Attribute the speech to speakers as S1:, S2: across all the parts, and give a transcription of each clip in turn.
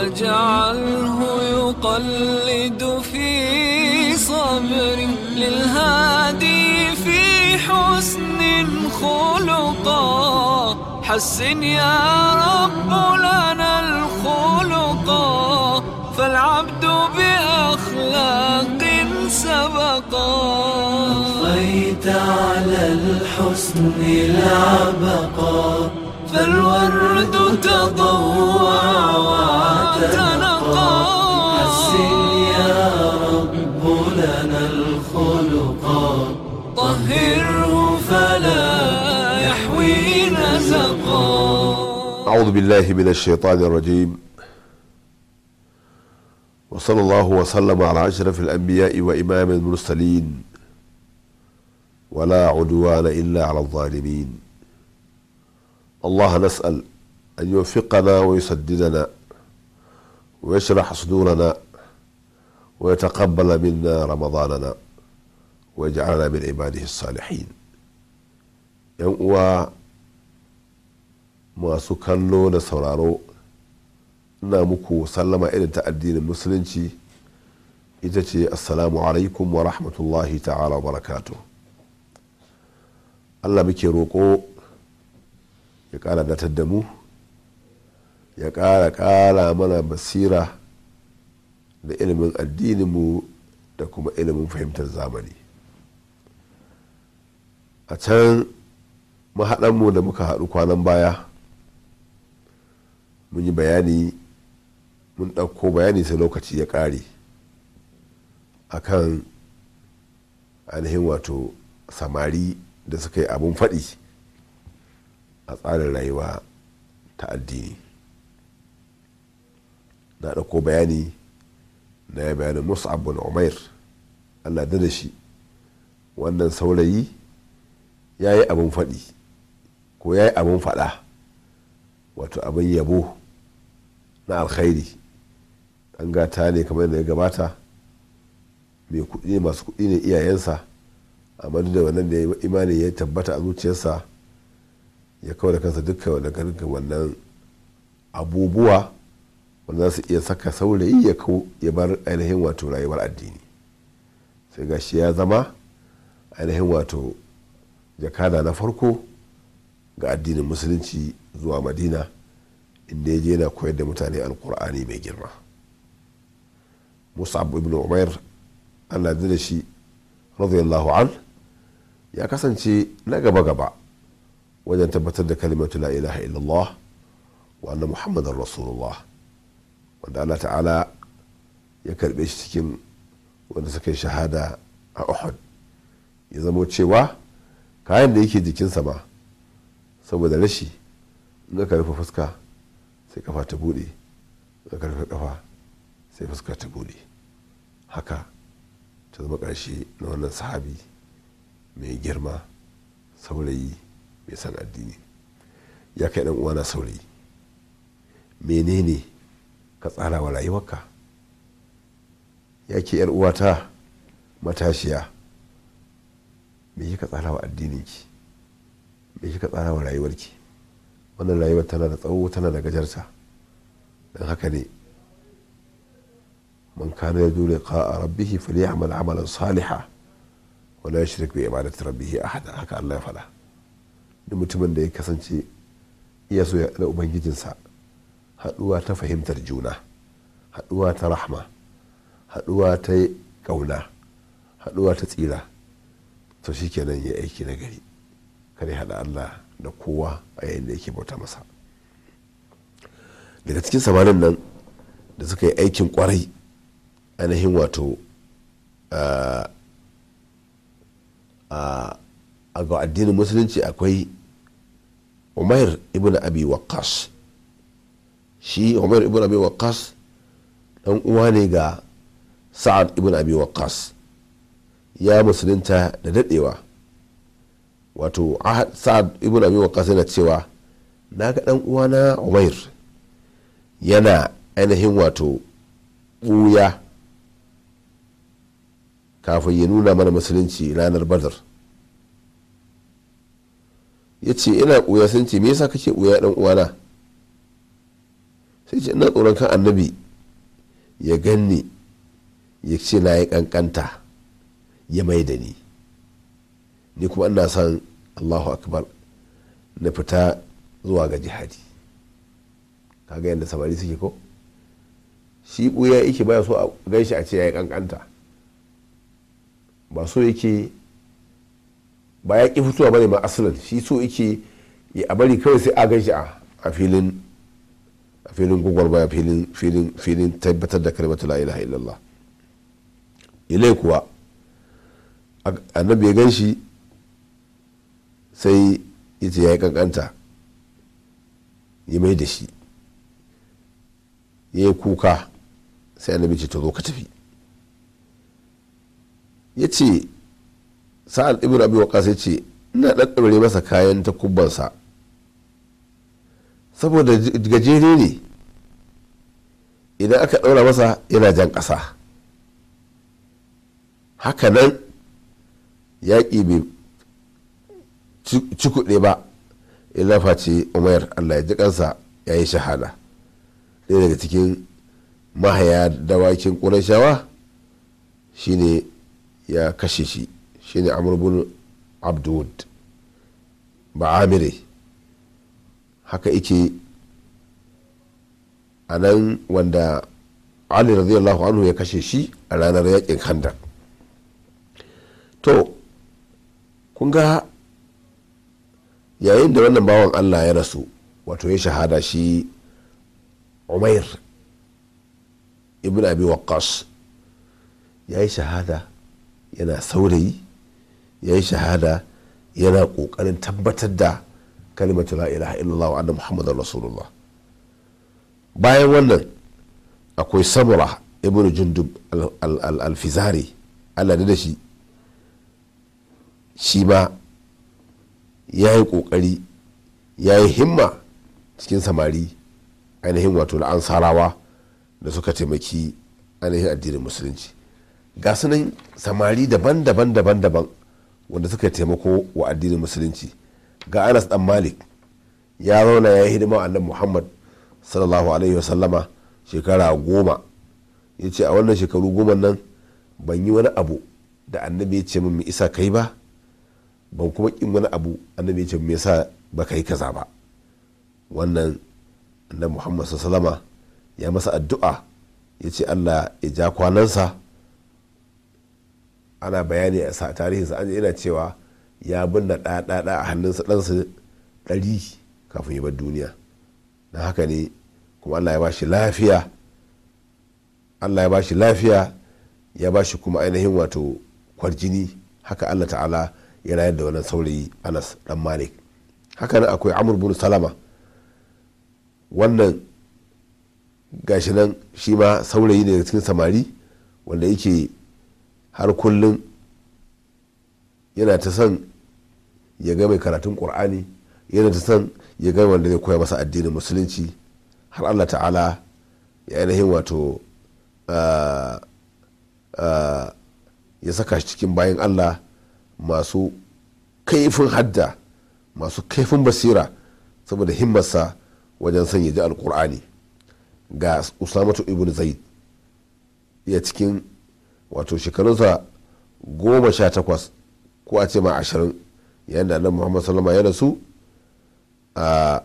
S1: واجعله يقلد في صبر للهادي في حسن خلقا حسن يا رب لنا الخلقا فالعبد بأخلاق سبقا أطفيت على الحسن العبقا فالورد تضوع تنقى حسن يا رب لنا الخلقا طهره فلا يحوي نزقا أعوذ بالله من الشيطان الرجيم وصلى الله وسلم على أشرف الأنبياء وإمام المرسلين ولا عدوان إلا على الظالمين الله نسأل أن يوفقنا ويسددنا ويشرح صدورنا ويتقبل منا رمضاننا ويجعلنا من عباده الصالحين ينقوى ما سكنو نسرارو نامكو سلم إلى تأدين المسلم إذا السلام عليكم ورحمة الله تعالى وبركاته الله بك يقال أن تدموه ya ƙara ƙara mana basira da ilimin addininmu da kuma ilimin fahimtar zamani a can mahaɗanmu da muka haɗu kwanan baya mun yi bayani mun ɗauko bayani sai lokaci ya ƙare a akan ainihin wato samari da suka yi abun faɗi a tsarin rayuwa ta addini na ɗauko bayani na ya bayanin mus'ab bin umair allah da shi wannan saurayi ya yi abin faɗi ko ya yi abin faɗa wato abin yabo na alkhairi an gata ne kamar da ya gabata mai kuɗi masu kuɗi ne iyayensa amma duk da wannan da ya imani ya tabbata a zuciyarsa ya kawo da kansa dukkan wannan abubuwa wanda za su iya saka saurayi ya kau ya bar ainihin wato rayuwar addini sai ga shi ya zama ainihin wato jakada na farko ga addinin musulunci zuwa madina inda ya je yana koyar da mutane alkur'ani mai girma abu ibn umair allah da shi radiyallahu an ya kasance na gaba-gaba wajen tabbatar da kalimatu la ilaha illallah wa anna muhammadan rasulullah wanda Allah ta'ala ya karbe shi cikin wanda suka yi shahada a uhud ya zamo cewa kayan da yake jikinsa ba saboda rashi in ka rufe fuska sai kafa ta bude in ka rufe kafa sai fuska ta bude haka ta zama ƙarshe na wannan sahabi mai girma saurayi mai san addini ya kai ɗan uwana saurayi menene ka tsara wa rayuwarka ya ke uwata matashiya me ka tsara wa addininki me ka tsara wa rayuwarki wannan rayuwar tana da tsawo tana da gajarta don haka ne man kana a rabbihi rabbih falyamal amalan saliha wa shirik bai bi rabbihi a hada, haka Allah ya faɗa duk mutumin da ya kasance iya so ya ubangijinsa haɗuwa ta fahimtar juna haɗuwa ta rahma haɗuwa ta ƙauna haɗuwa ta tsira to shi kenan ya aiki na gari kare haɗa allah da kowa a yayin da yake bauta masa daga cikin samanin nan da suka yi aikin kwarai ainihin wato a ga addinin musulunci akwai umar ibn abi waqqas shi umar ibn abi waqas dan uwa ne ga sa'ad ibn abi waqas ya musulunta da dadewa wato sa'ad ibn abi waqas yana cewa na ga dan na Umar yana ainihin wato buya kafin ya nuna mana musulunci ranar badar ya ce ina ɓuya sun ce me yasa kake ɓuya ɗan uwana sai ce na tsoron kan annabi ya ganni ya ce na yi kankanta ya mai da ni ni kuma ina son allahu akbar na fita zuwa ga jihadi kaga yadda samari suke ko shi ɓuya yake baya so a shi a ce ya yi kankanta ba so yake ba ya ƙi fitowa bane ma asalin shi so yake a bari kawai sai a ganshi a filin a filin baya filin tabbatar da kalmatu la ilaha illallah ilai kuwa annabi ya gan shi sai ita ya yi kankanta ya mai da shi ya yi kuka sai annabi ce ta zo ka tafi ya ce sa'ad ibn abi waqas ya ce ina ɗaɗɗaure masa kayan ta kubbarsa. saboda gajere ne idan aka ɗaura masa yana jan ƙasa hakanan yaƙi bai cikuɗe ba ina face umar allah ya ji ya yi shahada ɗaya daga cikin mahaya dawakin ƙurashawa shine ya kashe shi shine ne bin ba amire haka ike a nan wanda ali radiyallahu anhu ya kashe shi a ranar yakin handa to kun ga yayin da wannan bawan allah ya rasu wato ya shahada shi umair ibn abi waqqas ya yi shahada yana saurayi ya yi shahada yana ƙoƙarin tabbatar da kalimatu la ilaha illallah wa anna muhammadar rasulullah bayan wannan akwai samura ibn jundub al-fizari allah da shi shi ma ya yi kokari ya yi himma cikin samari ainihin wato ansarawa da suka taimaki ainihin addinin musulunci ga sunan samari daban-daban daban-daban wanda suka taimako wa addinin musulunci ga anas dan malik ya zauna ya yi hidima annabi muhammad sallallahu alaihi wasallama shekara goma ya ce a wannan shekaru goma nan ban yi wani abu da annabi ya ce min mai isa kai ba ban kuma kin wani abu annabi ya ce mai yasa ba kai kaza ba wannan annabi muhammad sallallahu ya masa addu'a ya ce allah ya ja kwanansa ana bayani a tarihinsa an yana cewa ya binna ɗaɗaɗa a hannunsa ɗansa ɗari kafin yi bar duniya na haka ne kuma allah ya ba shi lafiya allah ya ba shi lafiya ya ba shi kuma ainihin wato kwarjini haka allah ta'ala ya rayar da wannan saurayi anas dan malik haka nan akwai amur bin salama wannan gashi nan shi ma saurayi ne cikin samari wanda yake har kullum yana ta son ya ga mai karatun ƙur'ani yana ta san ya ga wanda zai koya masa addinin musulunci har allah ta'ala ya ainihin wato ah, ah, ya saka shi cikin bayan allah masu kaifin hadda masu kaifin basira saboda himmarsa wajen son ya ji alkur'ani ga usamatu ibn zaid ya cikin wato shekarunsa goma sha takwas ko a ce ma ashirin yadda annabi muhammad sallama ya rasu a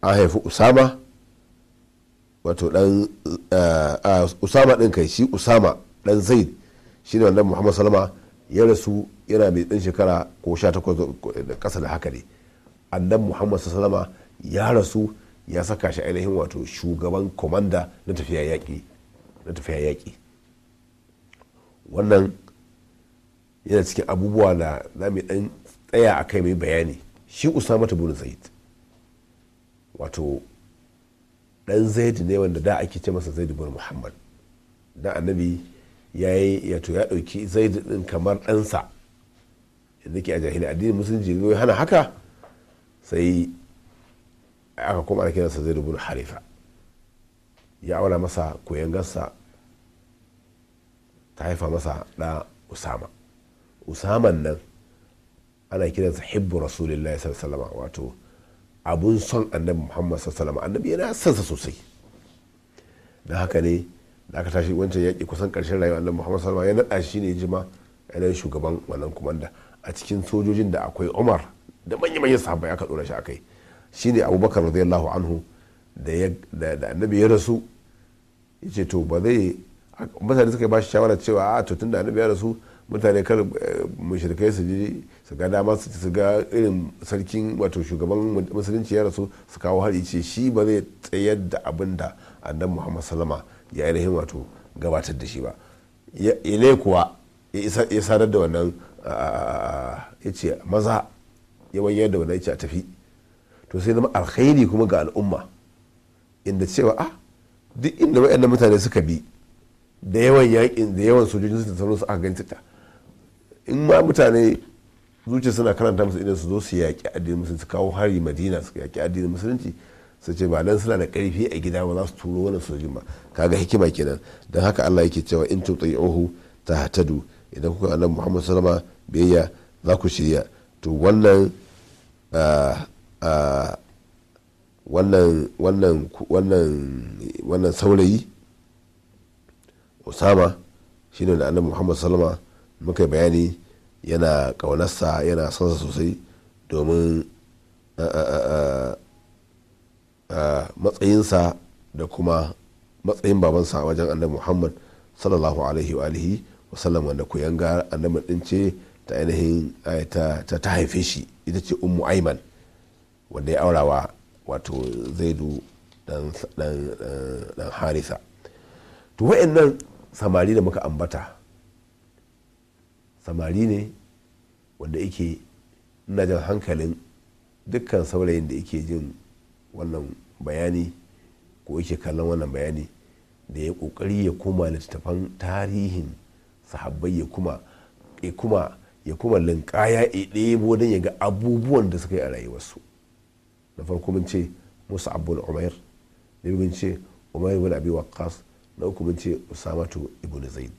S1: haifi usama wato dan usama din kai shi usama dan zaid shi ne wannan muhammad salama ya rasu yana mai dan shekara ko sha takwas da kasa da haka ne annan muhammad salama ya rasu ya saka shi ainihin wato shugaban komanda na tafiya yaƙi na tafiya yaƙi wannan yana cikin abubuwa da za mu dan tsaya a kai mai bayani shi usama ta bin zaid wato dan zaid ne wanda da ake ce masa zaid bin muhammad da annabi ya yi ya dauki zaid din kamar ɗansa yadda ke a jahili addinin musulunci ya hana haka sai aka kuma ana kiransa zaid bin harifa ya aura masa koyangarsa ta haifa masa da usama usaman nan ana kiransa hibbu rasulillahi sallallahu alaihi wato abun son annabi muhammad sallallahu alaihi annabi yana sansa sosai don haka ne da aka tashi wancan yaƙi kusan ƙarshen rayuwa annabi muhammad sallallahu alaihi ya naɗa shi ne jima yanayin shugaban wannan kumanda a cikin sojojin da akwai umar da manya-manyan sahabbai aka ɗora shi akai shine abubakar radiyallahu anhu da annabi ya rasu ya ce to ba zai mutane suka ba shi shawara cewa a to tun da annabi ya rasu mutane kar eh, mashirkai su ji su ga dama su ga irin sarkin wato shugaban musulunci ya rasu su kawo hari ce shi ba zai tsayar da abin da annan muhammad salama ya ainihin wato gabatar da shi ba ile kuwa ya sadar da wannan ya ce maza ya wanyar da wannan ya ce a tafi to sai zama alkhairi kuma ga al'umma inda cewa ah duk inda waɗannan mutane suka bi da yawan yakin da yawan sojojin su da sauransu aka ganta in ma mutane zuciya suna karanta musu idan su zo su yaƙi addinin musulunci su kawo hari madina su yaƙi addinin musulunci su ce ba dan suna da karfi a gida ba za su turo wani sojin ba kaga hikima kenan don haka Allah yake cewa in ta hatadu idan kuka annabi Muhammad salama biyayya za ku shirya to ah, ah, wannan wannan wannan wannan saurayi Usama shine da annabi Muhammad salama. muka bayani yana kaunarsa yana sonsa sosai domin matsayinsa da kuma matsayin babansa wajen annabi muhammad sallallahu alaihi wa alihi wasallam wanda ku yanga annabi din ce ta ainihin ta ta haife shi ita ce ummu aiman wanda ya aurawa wato zaidu dan dan harisa to wayannan samari da muka ambata samari ne wanda yake ina jan hankalin dukkan saurayin da yake jin wannan bayani ko yake kallon wannan bayani da ya kokari ya koma littattafan tarihin sahabbai ya kuma ya kuma ya kuma linkaya ya ɗebo don ya ga abubuwan da suka yi a rayuwarsu na farko mun ce musa abul umair na biyu ce umar ibn abi waqqas na uku mun ce usamatu ibn zaid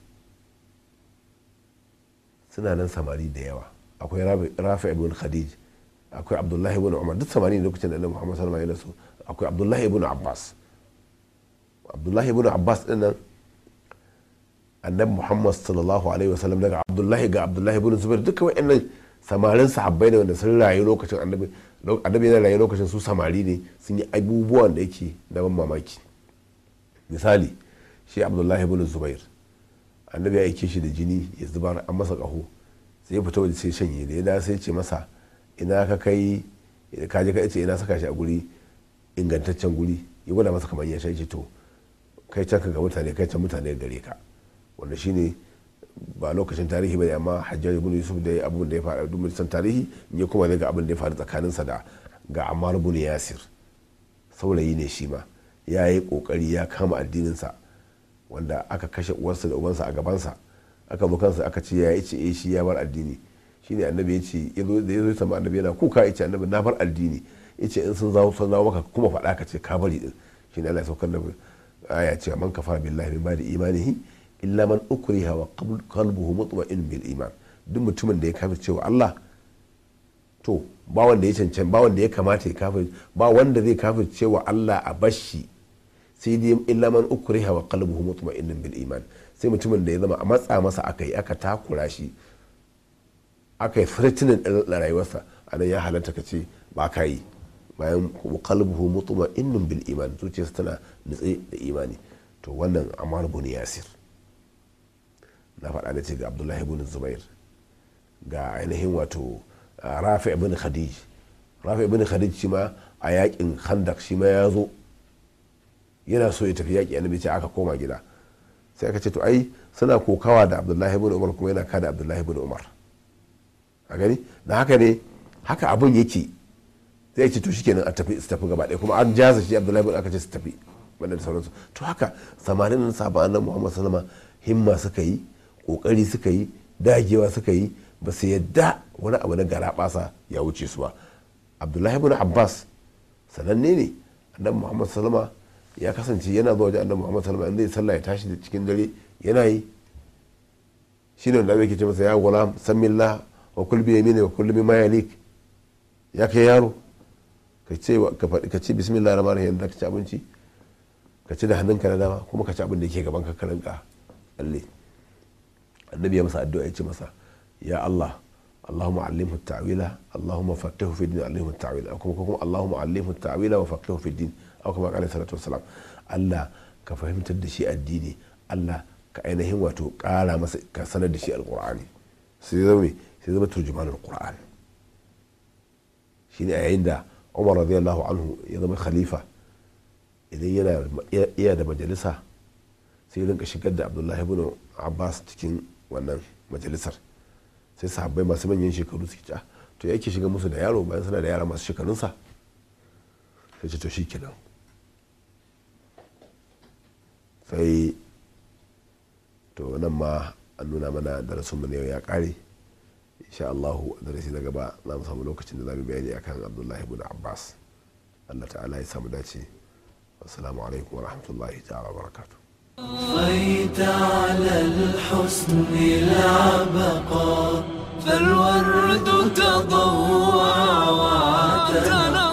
S1: suna nan samari da yawa akwai rafi ibn khadij akwai abdullahi ibn umar duk samari lokacin da muhammad sallallahu alaihi wasallam akwai abdullahi ibn abbas abdullahi ibn abbas din nan annabi muhammad sallallahu alaihi wasallam daga abdullahi ga abdullahi ibn zubair duka wa'annan samarin sahabbai ne wanda sun rayu lokacin annabi annabi yana rayu lokacin su samari ne sun yi abubuwan da yake da ban mamaki misali shi abdullahi ibn zubair annabi ya aike shi da jini ya zubar an masa kaho sai ya fito waje sai shanye da ya da sai ce masa ina ka kai ka je ka ce ina saka shi a guri ingantaccen guri ya gwada masa kamar ya shanye to kai can ka ga mutane kai can mutane gare ka wanda shine ba lokacin tarihi bane amma hajjaji ibn yusuf da abin da ya faru duk san tarihi in ya kuma ga abin da ya faru sa da ga ammar ibn yasir saurayi ne shi ma ya yi kokari ya kama addinin sa wanda aka kashe uwarsa da ubansa a gabansa aka zo kansa aka ce ya yi ce eh shi ya bar addini shi ne annabi ya ce da ya zo ya samu annabi yana kuka ya ce annabi na bar addini ya ce in sun zawo sun zawo maka kuma faɗa ka ce ka bari din ne Allah ya saukar da aya ce man kafara billahi min ba'di imanihi illa man ukriha wa qalbuhu mutma'in bil iman duk mutumin da ya kafa cewa Allah to ba wanda ya cancan ba wanda ya kamata ya kafa ba wanda zai kafa cewa Allah a bashi sai dai illa man ukriha wa qalbuhu mutma'innun bil iman sai mutumin da ya zama a matsa masa aka yi aka takura shi aka yi threatening da rayuwarsa anan ya halatta ka ce ba ka yi bayan qalbuhu mutma'innin bil iman zuciyarsa tana nutse da imani to wannan amar bin yasir na faɗa da ce ga abdullahi bin zubair ga ainihin wato uh, rafi bin khadij rafi bin khadij shi ma a yakin khandak shi ma ya zo yana so ya tafi yaƙi annabi ce aka koma gida sai aka ce to ai suna kokawa da abdullahi ibn umar kuma yana ka da abdullahi ibn umar a gani da haka ne haka abun yake zai ce to shikenan a tafi su tafi gaba ɗaya kuma an jaza shi abdullahi ibn aka ce su tafi wanda da sauransu to haka samanin nan sabanin nan muhammad salama himma suka yi kokari suka yi dagewa suka yi ba su yadda wani abu na garaɓasa ya wuce su ba abdullahi ibn abbas sananne ne annabi muhammad salama ya kasance yana zuwa wajen annabi muhammad sallallahu inda ya sallah ya tashi da cikin dare yana yi ne wanda ake ce masa ya gulam la wa kulbi ya mini wa ma ya mayalik ya kai yaro ka ce bismillah da mara yadda ka ci abinci ka ci da hannunka na dama kuma ka ci abin da ke gaban ka ka alle annabi ya masa addu'a ya ce masa ya allah اللهم علمه hutawila اللهم فقهه في الدين علمه kuma أو كما اللهم علمه wa وفقهه في الدين au kama alayhi salatu wasalam Allah ka fahimtar da shi addini Allah ka ainihin wato kara masa ka sanar da shi alkur'ani sai zama sai zama turjumanul alkur'ani shine a yayin da Umar radiyallahu anhu ya zama khalifa idan yana iya da majalisa sai ya rinka shigar da Abdullahi ibn Abbas cikin wannan majalisar sai sahabbai masu manyan shekaru suke ta to yake shiga musu da yaro bayan suna da yara masu shekarunsa sai ce to shi kenan sai to nan ma an nuna mana darasinmu na yau ya kare insha Allahu darasi na gaba za mu samu lokacin da za mu bayani akan Abdullahi ibn Abbas Allah ta'ala ya samu dace assalamu alaikum wa rahmatullahi ta'ala wa barakatuh
S2: طفيت على
S1: الحسن العبقى فالورد تضوى وعتنى